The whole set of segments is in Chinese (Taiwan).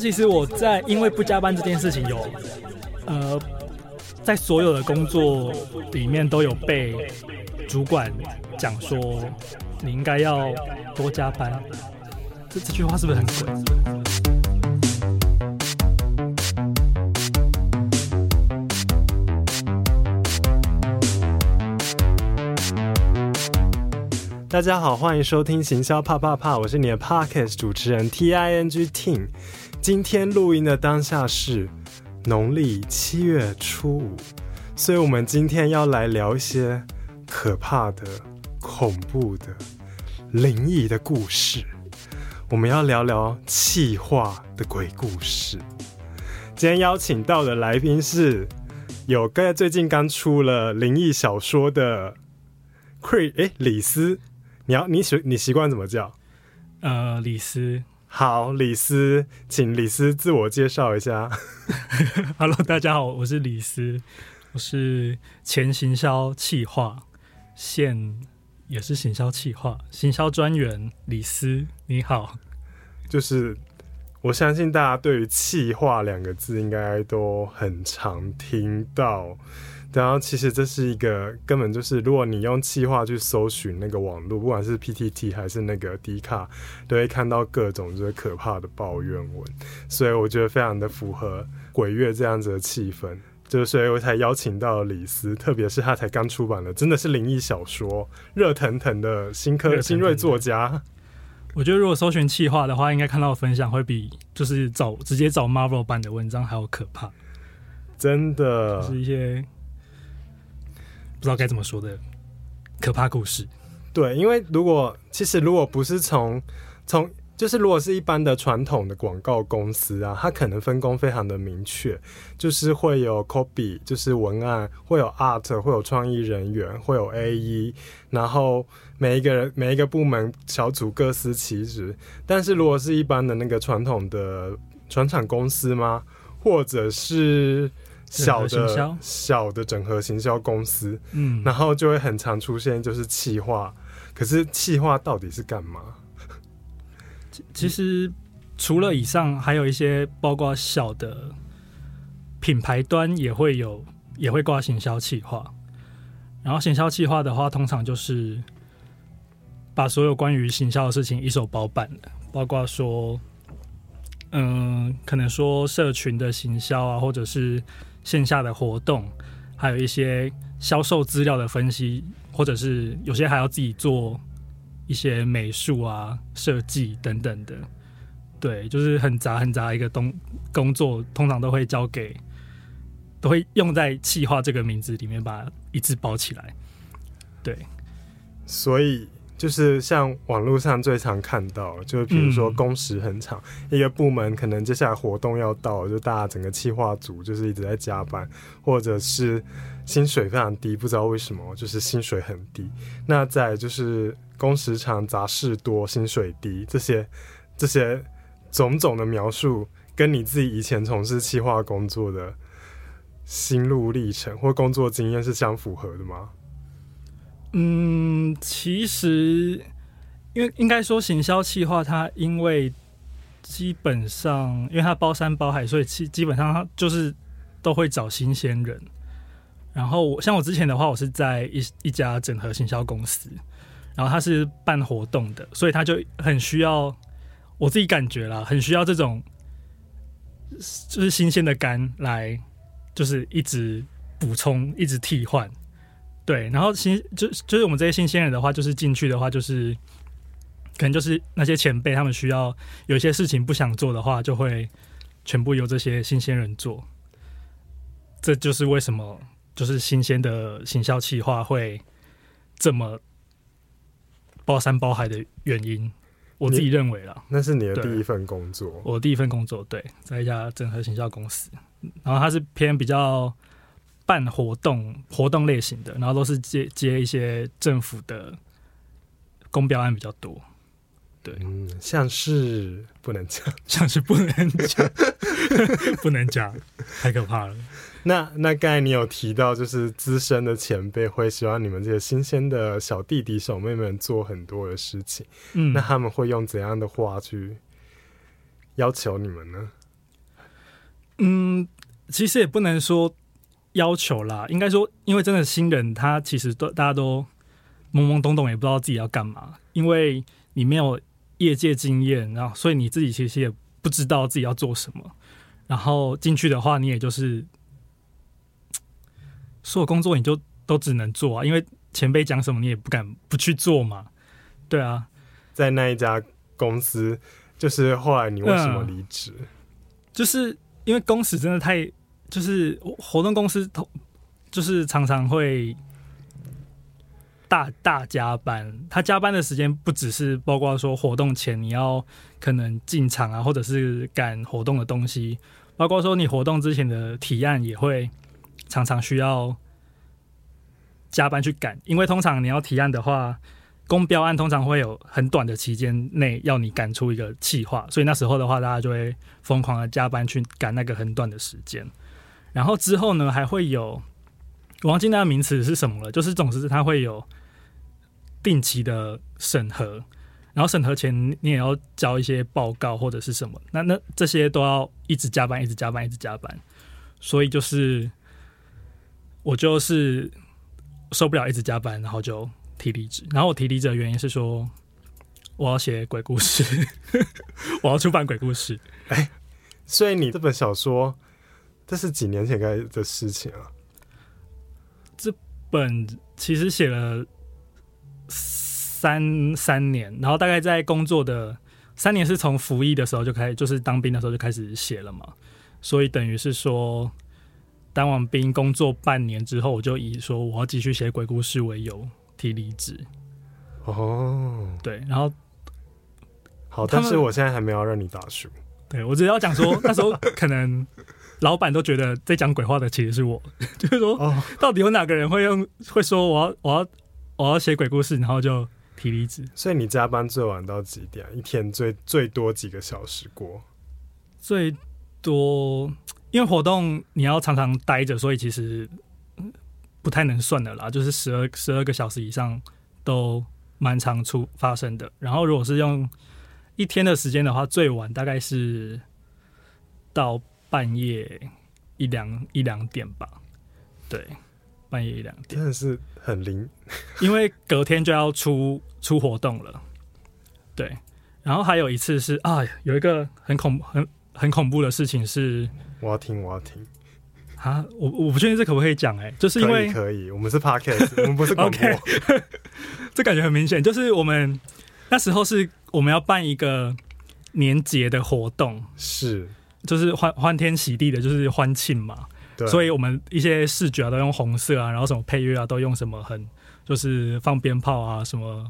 其實我在因為不加班這件事情有，有呃，在所有的工作裡面都有被主管講說，你應該要多加班，這，這句話是不是很鬼、嗯？大家好，歡迎收聽《行銷 PAPAPA》，我是你的 Podcast 主持人 Ting Ting。今天錄音的當下是農曆七月初五，所以我們今天要來聊一些可怕的、恐怖的、靈異的故事。我們要聊聊企劃的鬼故事。今天邀請到的來賓是有個最近剛出了靈異小說的 Chris 哎、欸，里斯，你要你習你習慣怎麼叫？呃，里斯。好，里斯，請里斯自我介紹一下。 Hello，大家好，我是里斯，我是前行銷企劃，現也是行銷企劃行銷專員里斯。你好，就是我相信大家對於“企劃”兩個字，應該都很常聽到。然後其實這是一個根本就是，如果你用企劃去搜尋那個網絡，不管是 P T T 還是那個 D 卡，都會看到各種就是可怕的抱怨文。所以我覺得非常的符合鬼月這樣子的氣氛，就是所以我才邀請到了里斯，特別是他才剛出版的，真的是靈異小說，熱騰騰的新科熱騰騰的新銳作家。我覺得如果搜尋企劃的話，應該看到的分享會比就是找直接找 Marvel 版的文章還要可怕。真的，就是一些。不知道該怎麼說的可怕故事。對，因為如果其實如果不是從從就是如果是一般的傳統的廣告公司啊，它可能分工非常的明確，就是會有 copy，就是文案，會有 art，會有創意人員，會有 AE，然後每一個人每一個部門小組各司其職。但是如果是一般的那個傳統的傳產公司嗎，或者是？行小的、小的整合行銷公司，嗯，然後就會很常出現，就是企劃。可是企劃到底是幹嘛？其實除了以上，還有一些包括小的品牌端也會有，也會掛行銷企劃。然後行銷企劃的話，通常就是把所有關於行銷的事情一手包辦的，包括說，嗯，可能說社群的行銷啊，或者是。線下的活動，還有一些銷售資料的分析，或者是有些還要自己做一些美術啊、設計等等的。對，就是很雜很雜一個東工作，通常都會交給，都會用在“企劃”這個名字裡面，把它一次包起來。對，所以。就是像網絡上最常看到，就是比如說工時很長、嗯，一個部門可能接下來活動要到，就大家整個企劃組就是一直在加班，或者是薪水非常低，不知道為什麼就是薪水很低。那在就是工時長、雜事多、薪水低這些這些種種的描述，跟你自己以前從事企劃工作的心路歷程或工作經驗是相符合的嗎？嗯，其實，因為應該說行銷企劃，它因為基本上，因為它包山包海，所以基基本上它就是都會找新鮮人。然後我像我之前的話，我是在一一家整合行銷公司，然後他是辦活動的，所以他就很需要，我自己感覺啦，很需要這種就是新鮮的肝來，就是一直補充，一直替換。對，然後新就就是我們這些新鮮人的話，就是進去的話，就是可能就是那些前輩他們需要有些事情不想做的話，就會全部由這些新鮮人做。這就是為什麼就是新鮮的行銷企劃會這麼包山包海的原因。我自己認為啦。那是你的第一份工作？我第一份工作對，在一家整合行銷公司，然後它是偏比較。辦活動，活動類型的，然後都是接接一些政府的公標案比較多。對，嗯，像是不能講，像是不能講， 不能講，太可怕了。那那剛才你有提到，就是資深的前輩會希望你們這些新鮮的小弟弟小妹妹做很多的事情。嗯，那他們會用怎樣的話去要求你們呢？嗯，其實也不能說。要求啦，應該說，因為真的新人，他其實都大家都懵懵懂懂，也不知道自己要幹嘛。因為你沒有業界經驗，然後所以你自己其實也不知道自己要做什麼。然後進去的話，你也就是說工作你就都只能做啊，因為前輩講什麼你也不敢不去做嘛。對啊，在那一家公司，就是後來你為什麼離職？啊，就是因為公司真的太。就是活動公司通，就是常常會大大加班。他加班的時間不只是包括說活動前你要可能進場啊，或者是趕活動的東西，包括說你活動之前的提案也會常常需要加班去趕。因為通常你要提案的話，公標案通常會有很短的期間內要你趕出一個企劃，所以那時候的話，大家就會瘋狂的加班去趕那個很短的時間。然後之後呢，還會有，我忘記那個名詞是什麼了。就是總之它會有定期的審核，然後審核前你也要交一些報告或者是什麼。那那這些都要一直加班，一直加班，一直加班。所以就是我就是受不了一直加班，然後就提離職。然後我提離職的原因是說，我要寫鬼故事， 我要出版鬼故事。哎，所以你這本小說。這是幾年前該的事情了，啊。這本其實寫了三三年，然後大概在工作的三年是從服役的時候就開始，就是當兵的時候就開始寫了嘛。所以等於是說，當完兵工作半年之後，我就以說我要繼續寫鬼故事為由提離職。哦，對，然後好，但是我現在還沒有讓你打書。對，我只是要講說，那時候可能。 老闆都覺得在講鬼話的其實是我，就是說，哦，到底有哪個人會用會說我要我要我要寫鬼故事，然後就提離職？所以你加班最晚到幾點？一天最最多幾個小時過？最多，因為活動你要常常待着，所以其實不太能算的啦。就是十二十二個小時以上都蠻常出發生的。然後如果是用一天的時間的話，最晚大概是到。半夜一兩一兩點吧，對，半夜一兩點真的是很靈，因為隔天就要出出活動了，對。然後還有一次是啊，有一個很恐怖很很恐怖的事情是，我要聽我要聽啊，我我不確定這可不可以講，哎、欸，就是因為可以，可以，我們是 Podcast 我們不是廣播，Okay, 這感覺很明顯，就是我們那時候是我們要辦一個年節的活動是。就是、就是歡歡天喜地的，就是歡慶嘛。對。所以，我們一些視覺、啊、都用紅色啊，然後什麼配樂啊，都用什麼很就是放鞭炮啊，什麼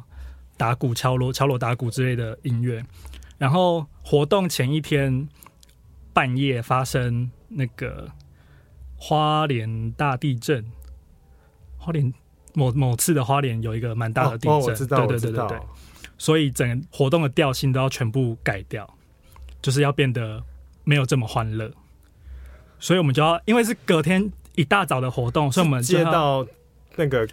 打鼓敲鑼敲鑼打鼓之類的音樂。然後活動前一天半夜發生那個花蓮大地震，花蓮某某次的花蓮有一個蠻大的地震，哦哦、我知道、對，對，對對對對對。所以，整個活動的調性都要全部改掉，就是要變得。沒有這麼歡樂，所以我們就要，因為是隔天一大早的活動，所以我們就要接到那個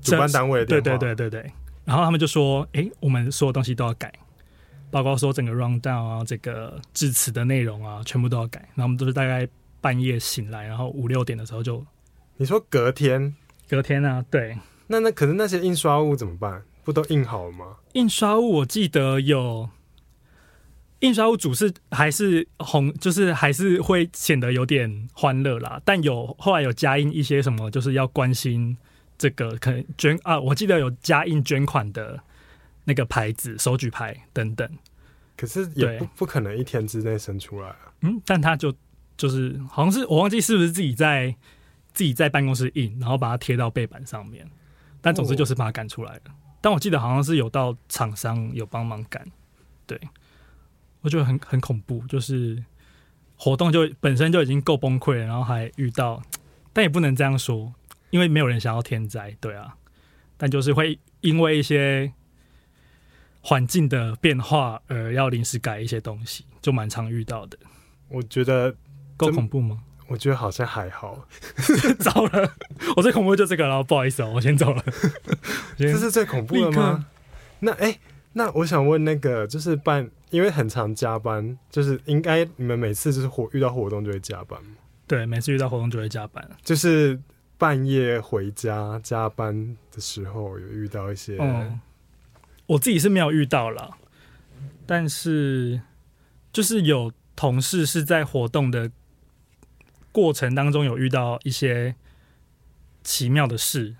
主辦單位的電話，對，對對對對對，然後他們就說：“哎，我們所有東西都要改，包括說整個 rundown 啊，這個致辭的內容啊，全部都要改。”然後我們都是大概半夜醒來，然後五六點的時候就，你說隔天，隔天啊？對，那那可是那些印刷物怎麼辦？不都印好了嗎？印刷物我記得有。印刷物主是還是紅，就是還是會顯得有點歡樂啦。但有後來有加印一些什麼，就是要關心這個可能捐啊，我記得有加印捐款的那個牌子、手舉牌等等。可是也不不可能一天之內生出來啊。嗯，但他就就是好像是我忘記是不是自己在自己在辦公室印，然後把它貼到背板上面。但總之就是把它趕出來了。哦。但我記得好像是有到廠商有幫忙趕，對。我覺得很很恐怖，就是活動就本身就已經夠崩潰了，然後還遇到，但也不能這樣說，因為沒有人想要天災，對啊，但就是會因為一些環境的變化而要臨時改一些東西，就蠻常遇到的。我覺得夠恐怖嗎？我覺得好像還好。 糟了，我最恐怖就這個了，不好意思喔，我先走了。 這是最恐怖的嗎？那哎。欸那我想問，那個就是半，因為很常加班，就是應該你們每次就是活遇到活動就會加班嗎？對，每次遇到活動就會加班，就是半夜回家加班的時候，有遇到一些、嗯，我自己是沒有遇到了，但是就是有同事是在活動的過程當中有遇到一些奇妙的事，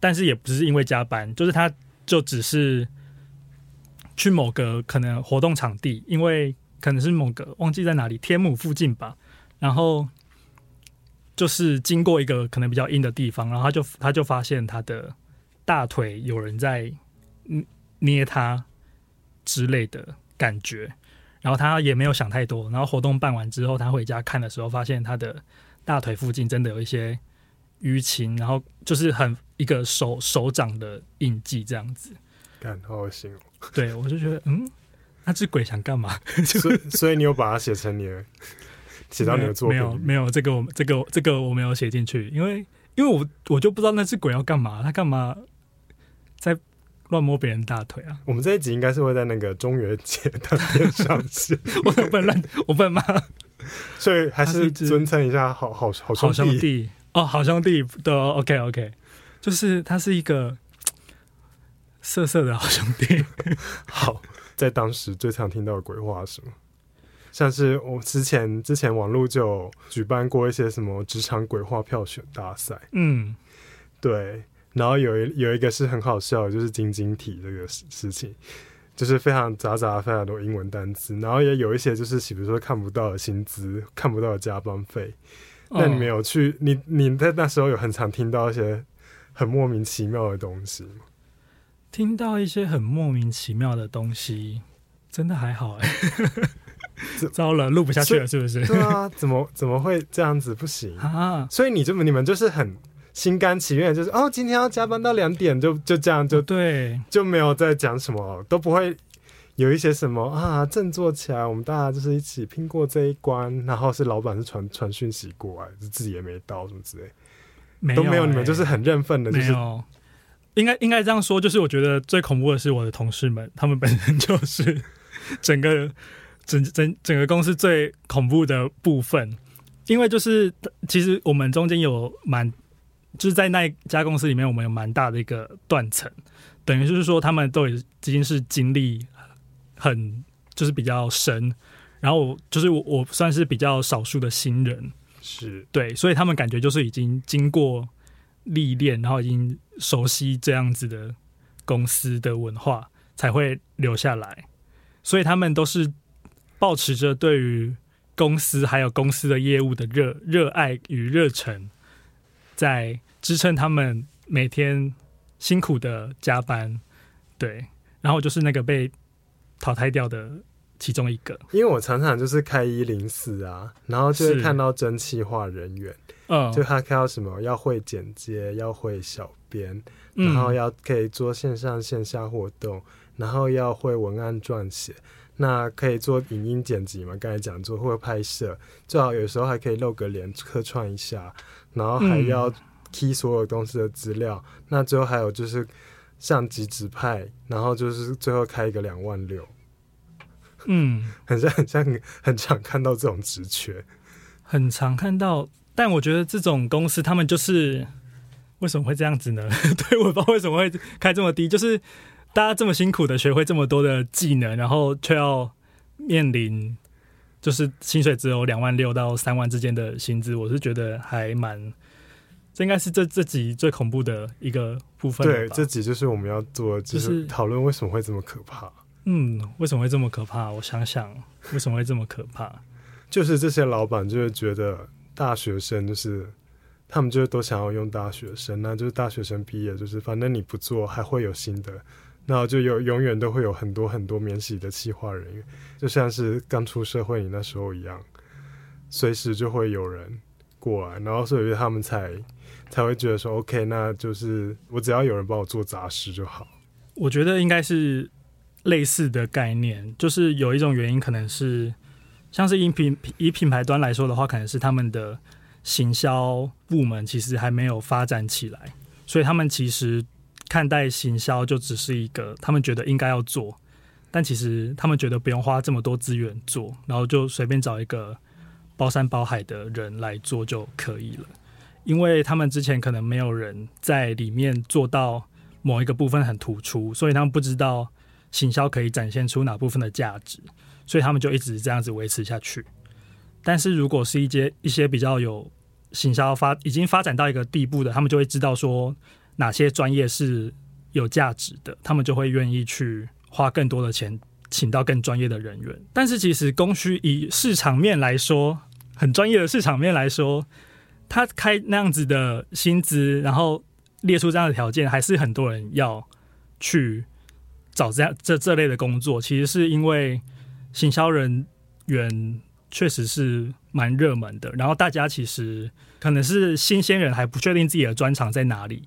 但是也不是因為加班，就是他就只是。去某個可能活動場地，因為可能是某個忘記在哪裡天母附近吧，然後就是經過一個可能比較陰的地方，然後他就他就發現他的大腿有人在捏捏他之類的感覺。然後他也沒有想太多。然後活動辦完之後，他回家看的時候，發現他的大腿附近真的有一些淤青，然後就是很一個手手掌的印記這樣子。幹，好噁心喔！對，我就覺得，嗯，那隻鬼想幹嘛？所以所以你有把它寫成你的，寫到你的作品？沒有，沒有，這個我這個這個我沒有寫進去，因為因為我我就不知道那隻鬼要幹嘛，他幹嘛在亂摸別人大腿啊？我們這一集應該是會在那個中元節的，上次， 我本來，我本來，所以還是尊稱一下好，好好好兄弟，好兄弟哦，好兄弟的、哦、OK OK，就是他是一個。色色的好兄弟， 好，在當時最常聽到的鬼話是什麼？像是我之前之前網路就舉辦過一些什麼職場鬼話票選大賽。嗯，對，然後有一有一個是很好笑的，就是晶晶體這個事事情，就是非常雜雜、非常多英文單詞，然後也有一些就是，比如說看不到的薪資、看不到的加班費、哦，但你沒有去，你你在那時候有很常聽到一些很莫名其妙的東西。聽到一些很莫名其妙的東西，真的還好哎、欸。 糟了，錄不下去了，是不是？對啊，怎麼怎麼會這樣子？不行啊！所以你這麼你們就是很心甘情願，就是哦，今天要加班到兩點，就就這樣就對，就沒有再講什麼，都不會有一些什麼啊，振作起來，我們大家就是一起拼過這一關。然後是老闆是傳傳訊息過來，就自己也沒到什麼之類的，都沒有。你們就是很認份的，那、欸、種。就是應該應該這樣說，就是我覺得最恐怖的是我的同事們，他們本身就是整個整整整個公司最恐怖的部分，因為就是其實我們中間有蠻就是在那家公司裡面，我們有蠻大的一個斷層，等於就是說他們都已經是經歷很就是比較深，然後就是我我算是比較少數的新人，是對，所以他們感覺就是已經經過。歷練，然後已經熟悉這樣子的公司的文化，才會留下來。所以他們都是保持着對於公司還有公司的業務的熱熱愛與熱忱，在支撐他們每天辛苦的加班。對，然後就是那個被淘汰掉的其中一個。因為我常常就是開一零四啊，然後就是看到徵企劃人員。Oh, 就他要什麼，要會剪接，要會小編、嗯，然後要可以做線上線下活動，然後要會文案撰寫，那可以做影音剪輯嘛？剛才講做，會拍攝，最好有時候還可以露個臉客串一下，然後還要 key 所有公司的資料、嗯。那最後還有就是上級指派，然後就是最後開一個兩萬六。嗯 很，很像很像很常看到這種職權，很常看到。但我覺得這種公司，他們就是為什麼會這樣子呢？ 對，我不知道為什麼會開這麼低，就是大家這麼辛苦的學會這麼多的技能，然後卻要面臨就是薪水只有兩萬六到三萬之間的薪資，我是覺得還蠻這應該是這這集最恐怖的一個部分。對，這集就是我們要做的就是討論為什麼會這麼可怕，就是。嗯，為什麼會這麼可怕？我想想，為什麼會這麼可怕？ 就是這些老闆就會覺得。大學生就是，他們就是都想要用大學生啊，那就是大學生畢業，就是反正你不做還會有新的，然後就有永遠都會有很多很多免洗的企劃人員，就像是剛出社會你那時候一樣，隨時就會有人過來，然後所以他們才才會覺得說，OK，那就是我只要有人幫我做雜事就好。我覺得應該是類似的概念，就是有一種原因可能是。像是以品，以品牌端來說的話，可能是他們的行銷部門其實還沒有發展起來，所以他們其實看待行銷就只是一個他們覺得應該要做，但其實他們覺得不用花這麼多資源做，然後就隨便找一個包山包海的人來做就可以了，因為他們之前可能沒有人在裡面做到某一個部分很突出，所以他們不知道行銷可以展現出哪部分的價值。所以他們就一直這樣子維持下去。但是如果是一些一些比較有行銷發已經發展到一個地步的，他們就會知道說哪些專業是有價值的，他們就會願意去花更多的錢請到更專業的人員。但是其實供需以市場面來說，很專業的市場面來說，他開那樣子的薪資，然後列出這樣的條件，還是很多人要去找這樣這這類的工作。其實是因為。行銷人員確實是蠻熱門的，然後大家其實可能是新鮮人，還不確定自己的專長在哪裡，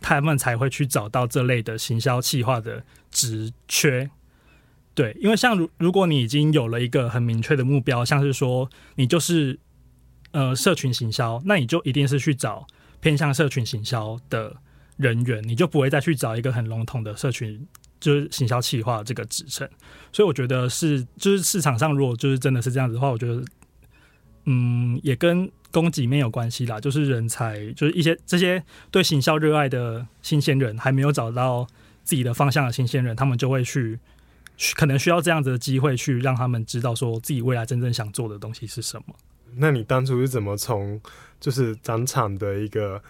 他們才會去找到這類的行銷企劃的職缺。對，因為像如如果你已經有了一個很明確的目標，像是說你就是呃社群行銷，那你就一定是去找偏向社群行銷的人員，你就不會再去找一個很籠統的社群，就是行銷企劃這個職稱，所以我覺得是，就是市場上如果就是真的是這樣子的話，我覺得，嗯，也跟供給面有關係啦。就是人才，就是一些這些對行銷熱愛的新鮮人，還沒有找到自己的方向的新鮮人，他們就會去，可能需要這樣子的機會，去讓他們知道說自己未來真正想做的東西是什麼。那你當初是怎麼從就是展場的一個，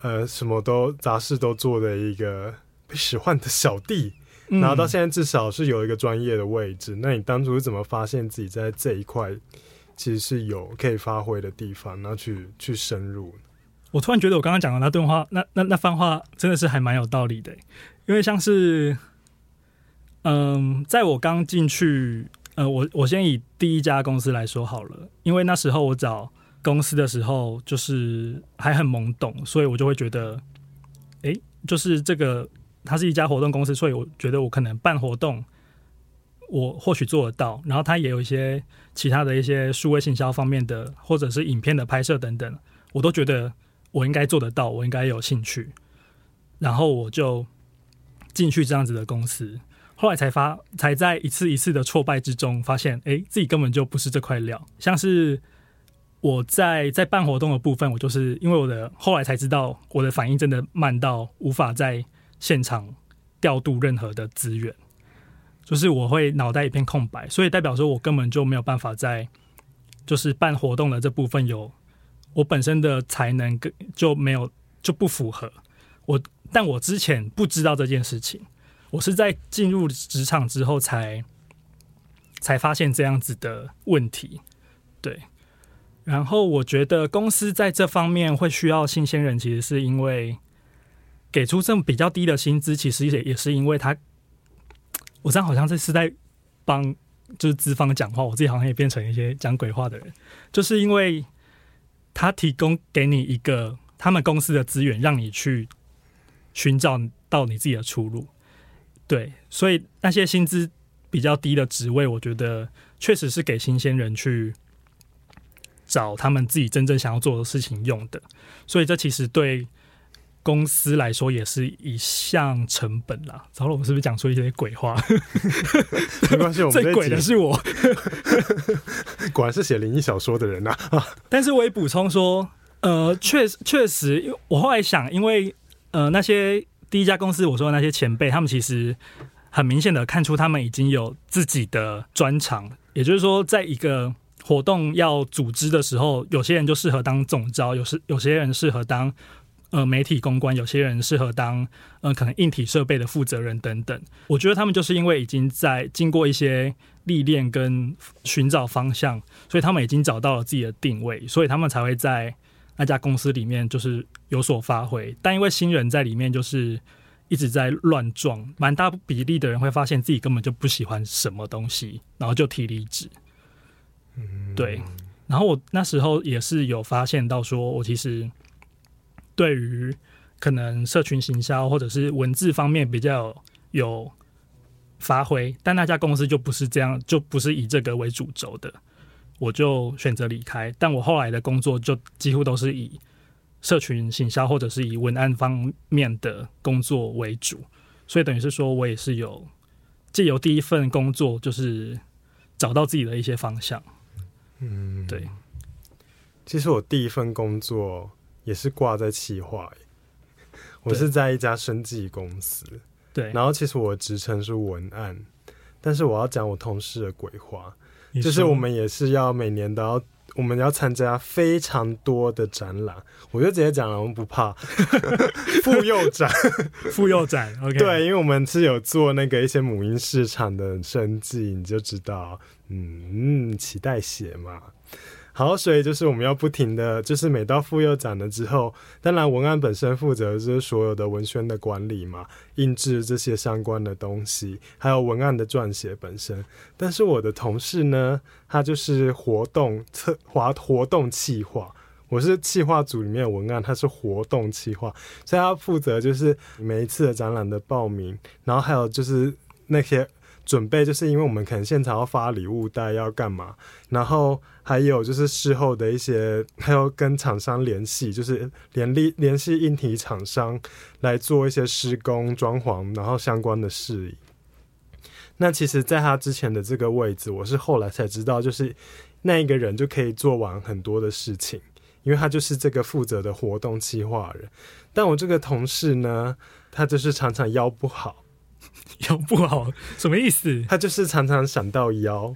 呃，什麼都雜事都做的一個？被使喚的小弟，然後到現在至少是有一個專業的位置，嗯。那你當初是怎麼發現自己在這一塊其實是有可以發揮的地方，然後去去深入？我突然覺得我剛剛講的那段話，那那那，那番話真的是還蠻有道理的，因為像是嗯，在我剛進去，呃，我我先以第一家公司來說好了，因為那時候我找公司的時候就是還很懵懂，所以我就會覺得，哎、欸，就是這個。他是一家活動公司，所以我覺得我可能辦活動，我或許做得到。然後他也有一些其他的一些數位行銷方面的，或者是影片的拍攝等等，我都覺得我應該做得到，我應該有興趣。然後我就進去這樣子的公司，後來才發才在一次一次的挫敗之中發現，哎、欸，自己根本就不是這塊料。像是我在在辦活動的部分，我就是因為我的後來才知道，我的反應真的慢到無法在。現場調度任何的資源，就是我會腦袋一片空白，所以代表說我根本就沒有辦法在就是辦活動的這部分有我本身的才能，跟就沒有就不符合我。但我之前不知道這件事情，我是在進入職場之後才才發現這樣子的問題。對，然後我覺得公司在這方面會需要新鮮人，其實是因為。給出這種比較低的薪資，其實也也是因為他，我這樣好像是在幫就是資方講話，我自己好像也變成一些講鬼話的人，就是因為他提供給你一個他們公司的資源，讓你去尋找到你自己的出路。對，所以那些薪資比較低的職位，我覺得確實是給新鮮人去找他們自己真正想要做的事情用的，所以這其實對。公司來說也是一項成本啦，啊。糟了，我是不是講出一些鬼話？ 沒關係係，我 們最鬼的是我。 果然是寫靈異小說的人吶，啊。但是我也補充說，呃，確確實，我後來想，因為呃，那些第一家公司我說的那些前輩，他們其實很明顯的看出他們已經有自己的專長，也就是說，在一個活動要組織的時候，有些人就適合當總召，有有些人適合當。呃，媒體公關，有些人適合當呃，可能硬體設備的負責人等等。我覺得他們就是因為已經在經過一些歷練跟尋找方向，所以他們已經找到了自己的定位，所以他們才會在那家公司裡面就是有所發揮。但因為新人在裡面就是一直在亂撞，蠻大比例的人會發現自己根本就不喜歡什麼東西，然後就提離職。嗯，對。然後我那時候也是有發現到，說我其實。對於可能社群行銷或者是文字方面比較有，有發揮，但那家公司就不是這樣，就不是以這個為主軸的，我就選擇離開。但我後來的工作就幾乎都是以社群行銷或者是以文案方面的工作為主，所以等於是說我也是有借由第一份工作，就是找到自己的一些方向。嗯，對。其實我第一份工作。也是掛在企劃，我是在一家生技公司對，對。然後其實我的職稱是文案，但是我要講我同事的鬼話，就是我們也是要每年都要，我們要參加非常多的展覽，我就直接講了，我們不怕婦幼 婦幼展， 展，婦幼展，對，因為我們是有做那個一些母嬰市場的生技，你就知道，嗯，臍帶血嘛。好，所以就是我們要不停的就是每到婦幼展了之後，當然文案本身負責就是所有的文宣的管理嘛，印製這些相關的東西，還有文案的撰寫本身。但是我的同事呢，他就是活動策劃活動企劃，我是企劃組裡面文案，他是活動企劃，所以他負責就是每一次的展覽的報名，然後還有就是那些。準備，就是因為我們可能現場要發禮物袋，要幹嘛，然後還有就是事後的一些，還要跟廠商聯繫，就是聯力聯繫硬體廠商來做一些施工、裝潢，然後相關的事宜。那其實，在他之前的這個位置，我是後來才知道，就是那一個人就可以做完很多的事情，因為他就是這個負責的活動企劃人。但我這個同事呢，他就是常常腰不好。腰不好什麼意思？他就是常常閃到腰，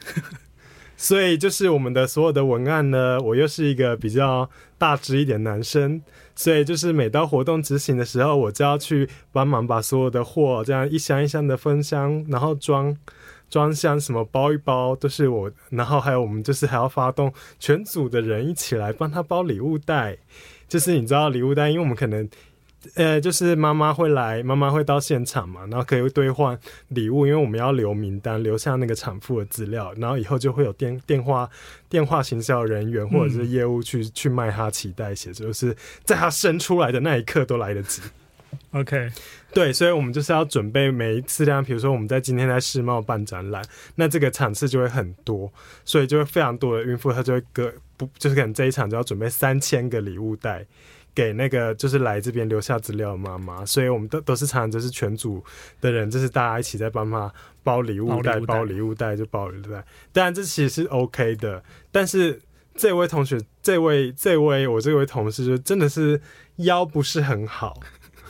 所以就是我們的所有的文案呢，我又是一個比較大只一點男生，所以就是每到活動執行的時候，我就要去幫忙把所有的貨這樣一箱一箱的分箱，然後裝裝箱，什麼包一包都是我，然後還有我們就是還要發動全組的人一起來幫他包禮物袋，就是你知道禮物袋，因為我們可能。呃，就是媽媽會來，媽媽會到現場嘛，然後可以兌換禮物，因為我們要留名單，留下那個產婦的資料，然後以後就會有電電話電話行銷人員或者是業務去、嗯、去賣他臍帶血，就是在他生出來的那一刻都來得及。OK，對，所以我們就是要準備每一次量，比如說我們在今天在世貿辦展覽，那這個場次就會很多，所以就會非常多的孕婦，她就會個不就是可能這一場就要準備三千個禮物袋。給那個就是來這邊留下資料的媽媽，所以我們都都是常常就是全組的人，就是大家一起在幫他包禮物袋，包禮物袋就包禮物袋。當然這其實是 OK 的，但是這位同學，這位這位我這位同事就真的是腰不是很好，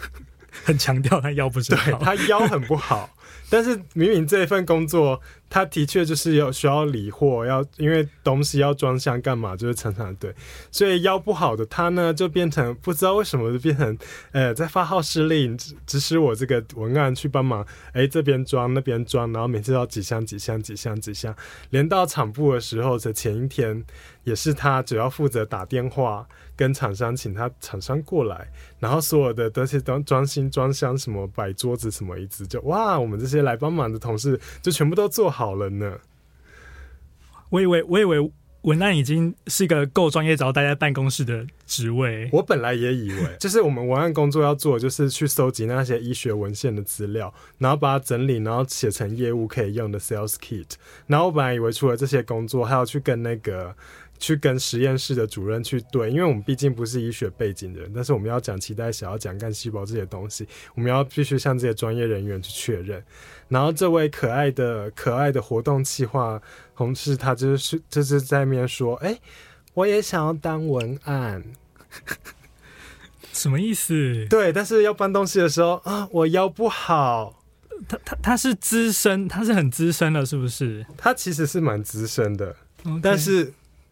很強調他腰不是很好，他腰很不好。 但是明明這一份工作，他的確就是有需要理貨，要因為東西要裝箱幹嘛，就是常常對。所以腰不好的他呢，就變成不知道為什麼就變成，呃、欸，在發號施令，指指使我這個文案去幫忙，哎、欸，這邊裝那邊裝，然後每次要幾箱幾箱幾箱幾箱，連到廠部的時候，的前一天也是他主要負責打電話跟廠商請他廠商過來，然後所有的都是裝裝箱裝箱，什麼擺桌子什麼一直就哇我們。這些來幫忙的同事就全部都做好了呢。我以為，我以為文案已經是一個夠專業，只要待在辦公室的職位。我本來也以為， 就是我們文案工作要做，就是去蒐集那些醫學文獻的資料，然後把它整理，然後寫成業務可以用的 Sales Kit。然後我本來以為，除了這些工作，還要去跟那個。去跟實驗室的主任去對，因為我們畢竟不是醫學背景的人，但是我們要講臍帶，想要講幹細胞這些東西，我們要必須向這些專業人員去確認。然後這位可愛的可愛的活動企劃同事，他就是就是在那邊說，哎、欸，我也想要當文案， 什麼意思？對，但是要搬東西的時候啊，我腰不好。他他他是資深，他是很資深的，是不是？他其實是蠻資深的，okay. 但是。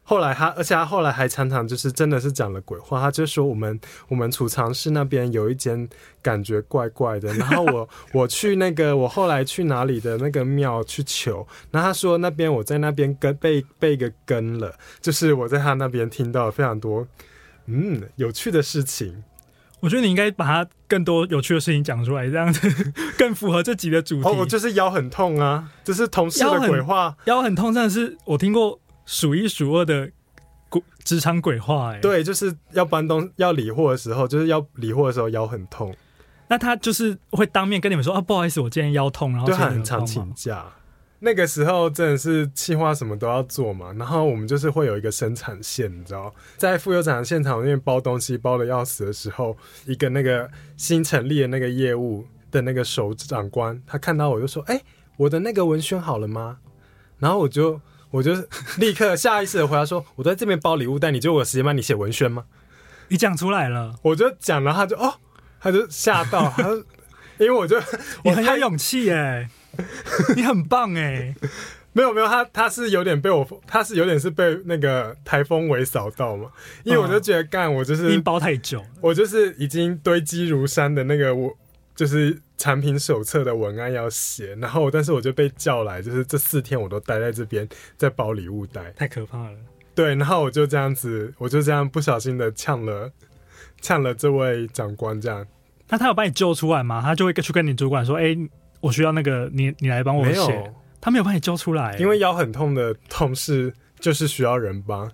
後來他，而且他後來還常常就是真的是講了鬼話，他就說我們我們儲藏室那邊有一間感覺怪怪的，然後我我去那個我後來去哪裡的那個廟去求，然後他說那邊我在那邊跟被被一個跟了，就是我在他那邊聽到非常多嗯有趣的事情，我覺得你應該把他更多有趣的事情講出來，這樣子更符合這集的主題。哦，我就是腰很痛啊，就是同事的鬼話，腰很，腰很痛，但是我聽過數一數二的職場鬼話誒、欸，對，就是要搬東要理貨的時候，就是要理貨的時候腰很痛。那他就是會當面跟你們說啊，不好意思，我今天腰痛，然後很常請假。那個時候真的是企劃什麼都要做嘛，然後我們就是會有一個生產線，你知道，在富油廠現場裡面包東西包得要死的時候，一個那個新成立的那個業務的那個首長官，他看到我就說：“哎、欸，我的那個文宣好了嗎？”然後我就。我就是立刻下意識的回答說：“我在這邊包禮物袋，你就我有時間幫你寫文宣嗎？”你講出來了，我就講了，他就哦，他就嚇到 他就，因為我就 我很有勇氣哎， 你很棒哎，沒有沒有，他他是有點被我，他是有點是被那個台風尾掃到嘛，因為我就覺得幹、嗯、我就是你包太久，我就是已經堆積如山的那個我。就是產品手冊的文案要寫，然後但是我就被叫來，就是這四天我都待在這邊，在包禮物待，太可怕了。對，然後我就這樣子，我就這樣不小心的嗆了，嗆了這位長官，這樣。那他有把你救出來嗎？他就會去跟你主管說：“哎、欸，我需要那個，你你來幫我寫。沒有”他沒有把你救出來、欸，因為腰很痛的同事就是需要人幫，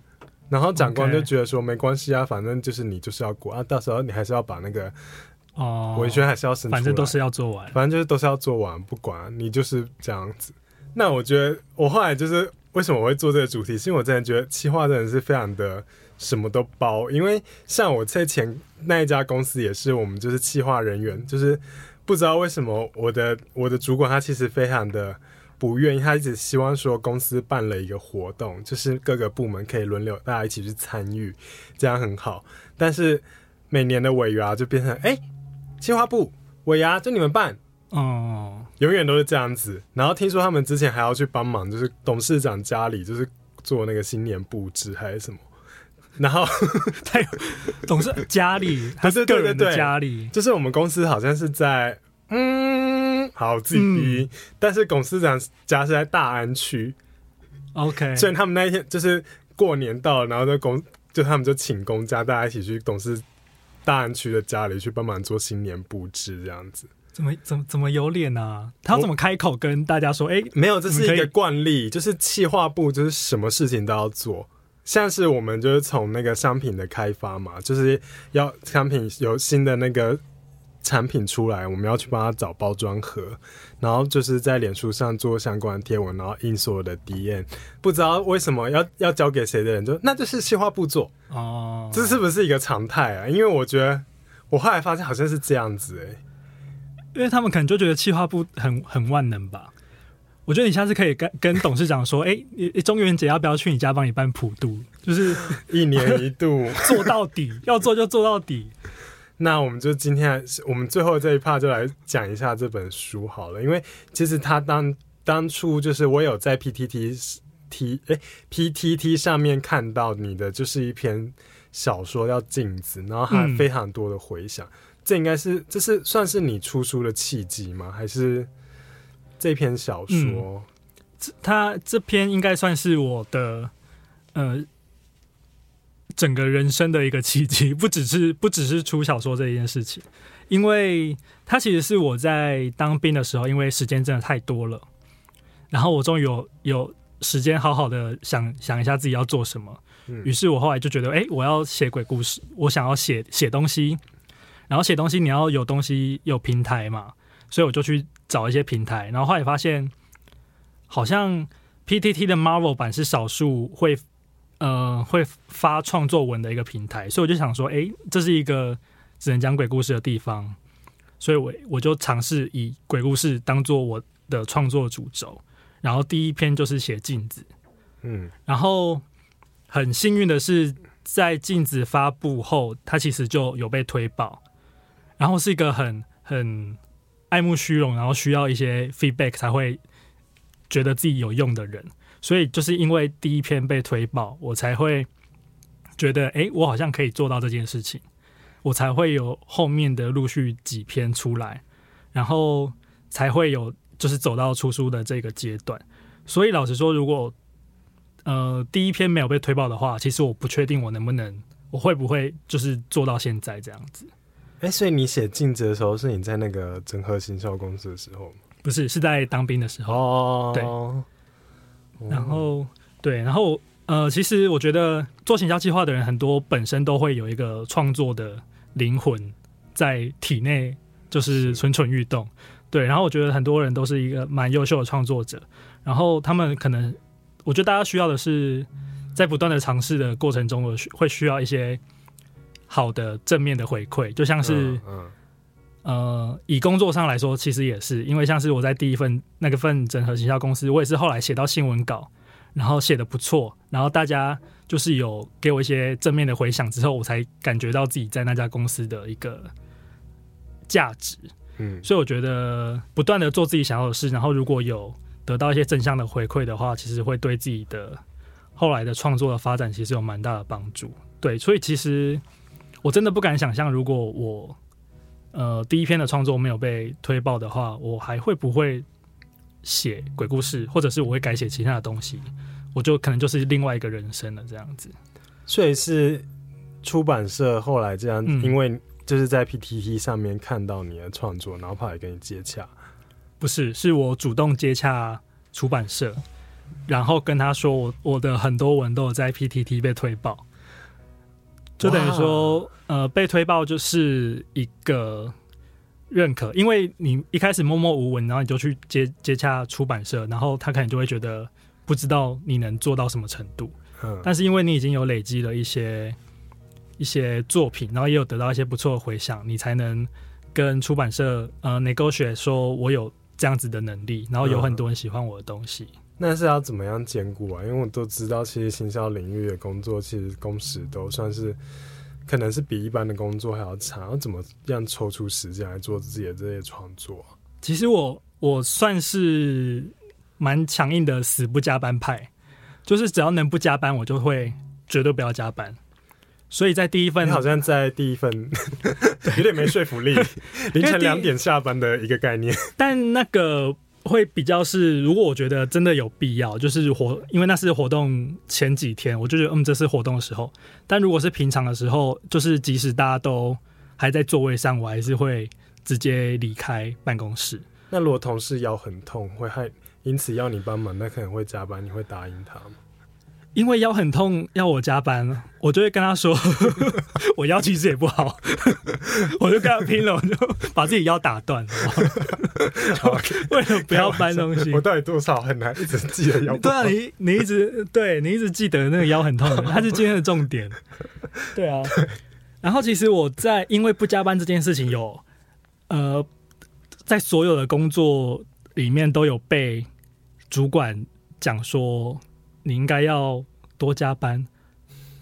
然後長官就覺得說、okay. 沒關係啊，反正就是你就是要過啊，到時候你還是要把那個。哦，文宣還是要生。反正都是要做完，反正就是都是要做完，不管你就是這樣子。那我覺得我後來就是為什麼會做這個主題，是因為我真的覺得企劃真的是非常的什麼都包。因為像我在前那一家公司也是，我們就是企劃人員，就是不知道為什麼我的我的主管他其實非常的不願意，他一直希望說公司辦了一個活動，就是各個部門可以輪流大家一起去參與，這樣很好。但是每年的尾牙、啊、就變成哎。欸企劃部，我呀，就你們辦，哦、嗯，永遠都是這樣子。然後聽說他們之前還要去幫忙，就是董事長家裡，就是做那個新年佈置還是什麼。然後，他有 董事家裡，他 是個人的家裡對對對對，就是我們公司好像是在，嗯，好自己、嗯。但是董事長家是在大安區。OK，雖然他們那一天就是過年到了，然後就公，就他們就請公假，大家一起去董事。大人去的家裡去幫忙做新年布置，這樣子，怎麼怎麼怎麼有臉呢、啊？他怎麼開口跟大家說？哎、欸，沒有，這是一個慣例，就是企劃部就是什麼事情都要做，像是我們就是從那個商品的開發嘛，就是要商品有新的那個。產品出來，我們要去幫他找包裝盒，然後就是在臉書上做相關貼文，然後印所有的 DM。不知道為什麼要要交給誰的人，就那就是企劃部做哦。這是不是一個常態啊？因為我覺得，我後來發現好像是這樣子哎、欸，因為他們可能就覺得企劃部很很萬能吧。我覺得你下次可以跟跟董事長說，哎、 欸，你中元節要不要去你家幫你辦普渡？就是一年一度 做到底，要做就做到底。那我們就今天，我們最後這一 part 就來講一下這本書好了。因為其實他當當初就是我有在 PTT T、欸、PTT 上面看到你的就是一篇小說叫《鏡子》，然後還非常多的回響、嗯。這應該是這是算是你出書的契機嗎？還是這篇小說？嗯、這他這篇應該算是我的呃。整個人生的一個契機，不只是不只是出小說這一件事情，因為它其實是我在當兵的時候，因為時間真的太多了，然後我終於有有時間好好的想想一下自己要做什麼。於是，嗯，我後來就覺得，哎、欸，我要寫鬼故事，我想要寫寫東西。然後寫東西，你要有東西有平台嘛，所以我就去找一些平台。然後後來發現，好像 PTT 的 Marvel 版是少數會。呃，會發創作文的一個平台，所以我就想說，哎、欸，這是一個只能講鬼故事的地方，所以我我就嘗試以鬼故事當做我的創作主軸，然後第一篇就是寫鏡子，嗯，然後很幸運的是，在鏡子發布後，它其實就有被推爆，然後是一個很很愛慕虛榮，然後需要一些 feedback 才會覺得自己有用的人。所以就是因為第一篇被推爆，我才會覺得，哎、欸，我好像可以做到這件事情，我才會有後面的陸續幾篇出來，然後才會有就是走到出書的這個階段。所以老實說，如果呃第一篇沒有被推爆的話，其實我不確定我能不能，我會不會就是做到現在這樣子？哎、欸，所以你寫鏡子的時候，是你在那個整合行銷公司的時候嗎？不是，是在當兵的時候。Oh. 對。然後，對，然後，呃，其實我覺得做行銷企劃的人很多，本身都會有一個創作的靈魂在體內，就是蠢蠢欲動。對，然後我覺得很多人都是一個蠻優秀的創作者，然後他們可能，我覺得大家需要的是在不斷的嘗試的過程中，我需會需要一些好的正面的回饋，就像是。呃，以工作上來說，其實也是，因為像是我在第一份那個份整合行銷公司，我也是後來寫到新聞稿，然後寫得不錯，然後大家就是有給我一些正面的回響之後，我才感覺到自己在那家公司的一個價值。嗯，所以我覺得不斷的做自己想要的事，然後如果有得到一些正向的回饋的話，其實會對自己的後來的創作的發展，其實有蠻大的幫助。對，所以其實我真的不敢想象，如果我。呃，第一篇的創作沒有被推爆的話，我還會不會寫鬼故事，或者是我會改寫其他的東西？我就可能就是另外一個人生了這樣子。所以是出版社後來這樣，嗯、因為就是在 PTT 上面看到你的創作，然後跑來跟你接洽？不是，是我主動接洽出版社，然後跟他說我我的很多文都有在 PTT 被推爆，就等於說。呃，被推爆就是一個認可，因為你一開始默默無聞，然後你就去接接洽出版社，然後他可能就會覺得不知道你能做到什麼程度。嗯，但是因為你已經有累積了一些一些作品，然後也有得到一些不錯的回響，你才能跟出版社呃 negotiate 說，我有這樣子的能力，然後有很多人喜歡我的東西。嗯，那是要怎麼樣兼顧啊？因為我都知道，其實行銷領域的工作其實工時都算是。可能是比一般的工作還要長，要怎麼樣抽出時間來做自己的這些創作？其實我我算是蠻強硬的，死不加班派，就是只要能不加班，我就會絕對不要加班。所以在第一份，你好像在第一份 有點沒說服力，凌晨兩點下班的一個概念。但那個。會比較是，如果我覺得真的有必要，就是活，因為那是活動前幾天，我就覺得嗯，這是活動的時候。但如果是平常的時候，就是即使大家都還在座位上，我還是會直接離開辦公室。那如果同事腰很痛，會害，因此要你幫忙，那可能會加班，你會答應他嗎？因為腰很痛，要我加班，我就會跟他說， 我腰其實也不好， 我就跟他拼了，我就把自己腰打斷， 就為了不要搬東西。我到底多少很難一直記得腰不。 對啊，你你一直對你一直記得那個腰很痛， 它是今天的重點。對啊。然後其實我在因為不加班這件事情有，有呃，在所有的工作裡面都有被主管講說。你應該要多加班，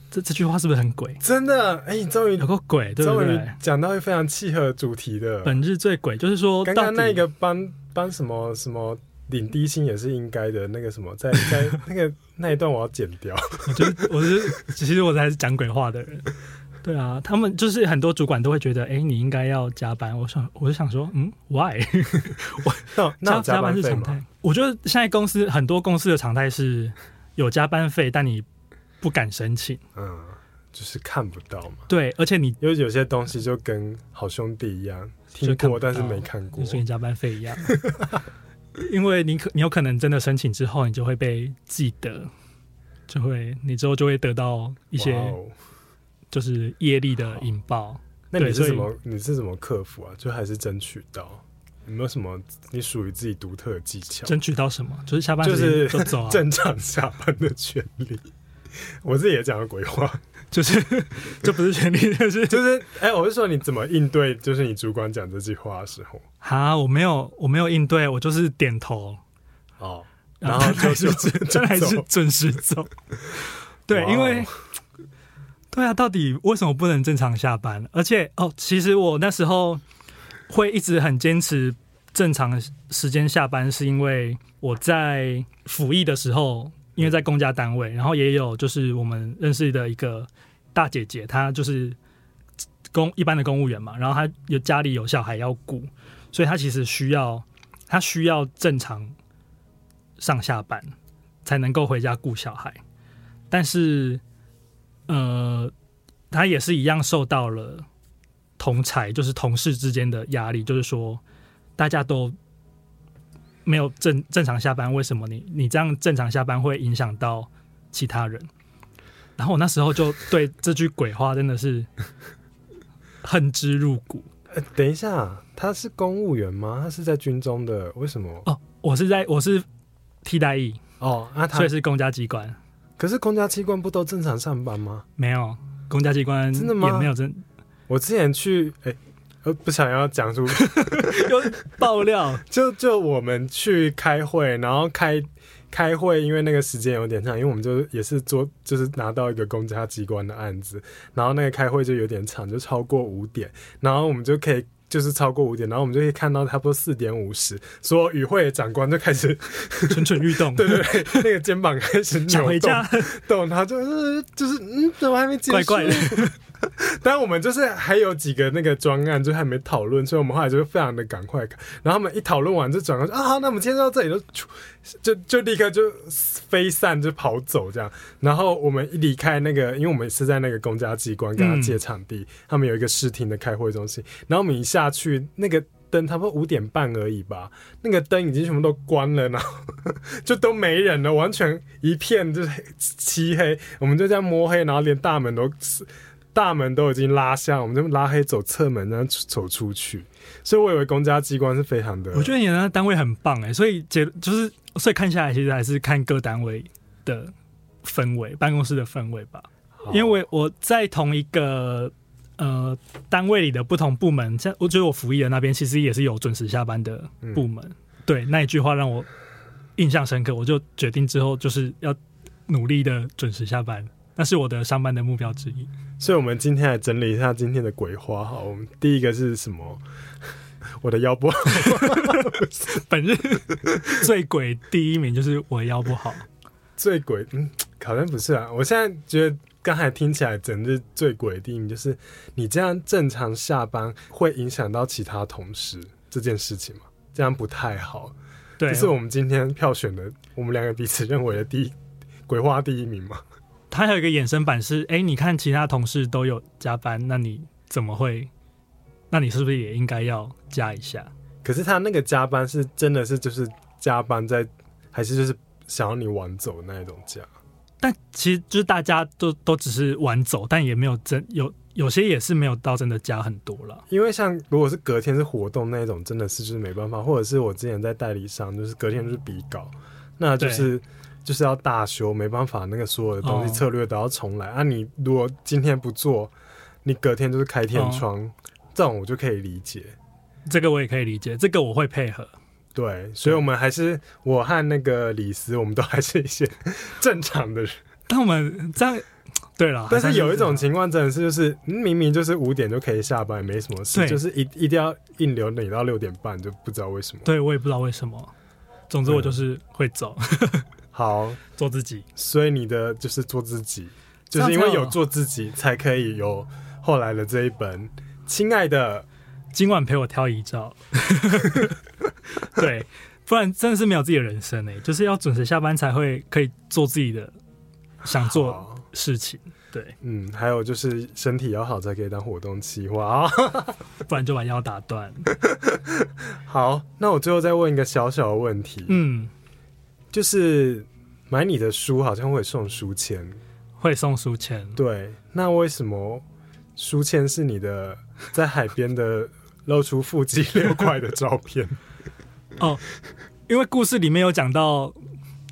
這這句話是不是很鬼？真的，哎、欸，終於有個鬼，對不對？講到一個非常契合主題的本日最鬼，就是說剛剛那個幫幫什麼什麼領低薪，也是應該的，那個什麼在在 那個那一段我要剪掉。我覺、就、得、是、我、就是其實我才是講鬼話的人。 對啊，他們就是很多主管都會覺得，哎、欸，你應該要加班。我想，我就想說，嗯，why？ 我加、oh, 加班是常態。我覺得現在公司很多公司的常態是。有加班費，但你不敢申請，嗯，就是看不到嘛。對，而且你因為有些東西就跟好兄弟一樣，聽過但是沒看過，嗯、就跟、是、加班費一樣。 因為你可你有可能真的申請之後，你就會被記得，就會你之後就會得到一些就是業力的引爆。Wow，那你是怎麼？你是怎麼克服啊？就還是爭取到？有沒有什麼你屬於自己獨特的技巧？爭取到什麼？就是下班就是正常下班的權利。 我自己也講了鬼話，就是這不是權利， 就是就是哎，我是說你怎麼應對？就是你主管講這句話的時候，好，我沒有我沒有應對，我就是點頭哦，然後就是真的還是準時走。對，wow，因為對啊，到底為什麼不能正常下班？而且哦，其實我那時候。會一直很堅持正常的時間下班，是因為我在服役的時候，因為在公家單位，然後也有就是我們認識的一個大姐姐，她就是公一般的公務員嘛，然後她有家裡有小孩要顧，所以她其實需要她需要正常上下班才能夠回家顧小孩，但是呃，她也是一樣受到了。同儕就是同事之間的壓力，就是說大家都沒有正正常下班，為什麼你你這樣正常下班會影響到其他人？然後我那時候就對這句鬼話真的是恨之入骨。欸，等一下，他是公務員嗎？他是在軍中的，為什麼？哦，我是在，我是替代役，哦，那他，所以是公家機關。可是公家機關不都正常上班嗎？沒有，公家機關真，真的嗎？也沒有真我之前去，哎、欸，我不想要講出， 又爆料，就就我們去開會，然後開開會，因為那個時間有點長，因為我們就是也是做，就是拿到一個公家機關的案子，然後那個開會就有點長，就超過五點，然後我們就可以就是超過五點，然後我們就可以看到差不多四點五十，所以與會長官就開始 蠢蠢欲動，對對對，那個肩膀開始扭動。回 家，懂他就是就是，嗯，怎麼還沒結束？怪怪的但我們就是還有幾個那個專案就還沒討論，所以我們後來就非常的趕快然他、啊。然後我們一討論完就轉過去啊，好，那我們今天到這裡就就就立刻就飛散就跑走這樣。然後我們一離開那個，因為我們是在那個公家機關跟他借場地、嗯，他們有一個視聽的開會中心。然後我們一下去，那個燈差不多五點半而已吧，那個燈已經全部都關了，然後就都沒人了，完全一片就是漆黑。我們就這樣摸黑，然後連大門都是。大門都已經拉下，我們就拉黑走側門，那走出去。所以，我以為公家機關是非常的。我覺得你那單位很棒哎、欸，所以結就是，所以看下來，其實還是看各單位的氛圍、辦公室的氛圍吧。因為我在同一個呃單位裡的不同部門，像我覺得我服役的那邊其實也是有準時下班的部門、嗯。對，那一句話讓我印象深刻，我就決定之後就是要努力的準時下班。那是我的上班的目標之一。所以，我們今天來整理一下今天的鬼話。哈，我們第一個是什麼？ 我的腰不好 不是。 本日最鬼第一名就是我的腰不好。最鬼，嗯，可能不是啊。我現在覺得剛才聽起來，整日最鬼的第一名就是你這樣正常下班會影響到其他同事這件事情嘛？這樣不太好。對、哦，這、就是我們今天票選的，我們兩個彼此認為的第一鬼話第一名嘛？他還有一個衍生版是，誒、欸，你看其他同事都有加班，那你怎麼會？那你是不是也應該要加一下？可是他那個加班是真的是就是加班在，還是就是想要你晚走那一種加？但其實就是大家都都只是晚走，但也沒有真有有些也是沒有到真的加很多了。因為像如果是隔天是活動那一種，真的是就是沒辦法。或者是我之前在代理商，就是隔天就是比稿，那就是。就是要大修，沒辦法，那個所有的東西策略都要重來、oh. 啊！你如果今天不做，你隔天就是開天窗，oh. 這種我就可以理解，這個我也可以理解，這個我會配合。對，所以，我們還是我和那個裡斯，我們都還是一些 正常的人。但我們在，對了，但是有一種情況真的是，就是明明就是五點就可以下班，也沒什麼事，就是一一定要硬留你到六點半，就不知道為什麼。對我也不知道為什麼，總之我就是會走。 好，做自己，所以你的就是做自己，就是因為有做自己，才可以有後來的這一本。親愛的，今晚陪我挑遺照。 對，不然真的是沒有自己的人生耶，就是要準時下班才會可以做自己的想做事情。對，嗯，還有就是身體要好才可以當活動企劃， 不然就把腰打斷。 好，那我最後再問一個小小的問題，嗯。就是買你的書，好像會送書籤，會送書籤。對，那為什麼書籤是你的在海邊的露出腹肌六塊的照片？ 哦，因為故事裡面有講到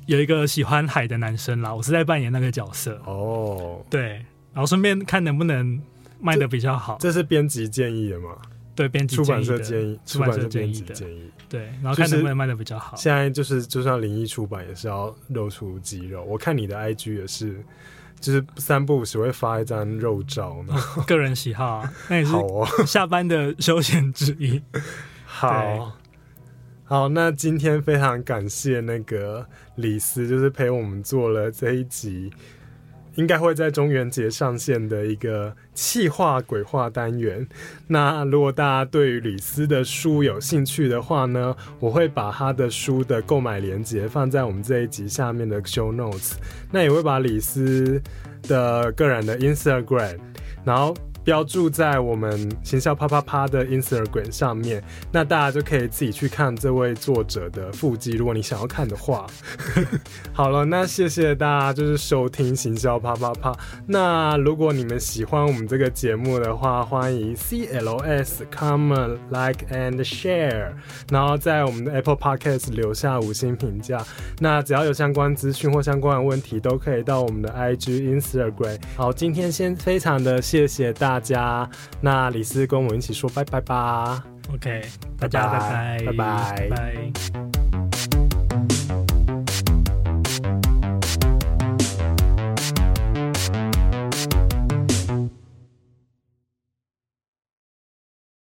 有一個喜歡海的男生啦，我是在扮演那個角色。哦，對，然後順便看能不能賣得比較好。這,這是編輯建議的嗎？對的，出版社建議，出版社編輯建議，的建議的，對，然後看能不能賣得比較好。就是、現在就是，就算靈異出版也是要露出肌肉。我看你的 IG 也是，就是三不五時會發一張肉照呢、哦。個人喜好啊，那也是好下班的休閒之一。好、哦、好，好，那今天非常感謝那個里斯，就是陪我們做了這一集。應該會在中元節上線的一個企劃鬼話單元。那如果大家對於里斯的書有興趣的話呢，我會把他的書的購買連結放在我們這一集下面的 show notes。那也會把里斯的個人的 Instagram，然後。標注在我們行銷啪啪啪的 Instagram 上面，那大家就可以自己去看這位作者的腹肌，如果你想要看的話。 好了，那謝謝大家就是收聽行銷啪啪啪。那如果你們喜歡我們這個節目的話，歡迎 CLS comment like and share，然後在我們的 Apple Podcast 留下五星評價。那只要有相關資訊或相關的問題，都可以到我們的 IG Instagram。好，今天先非常的謝謝大家。大家，那里斯跟我一起說拜拜吧。OK，大家拜拜，拜拜，拜，拜。拜拜拜拜。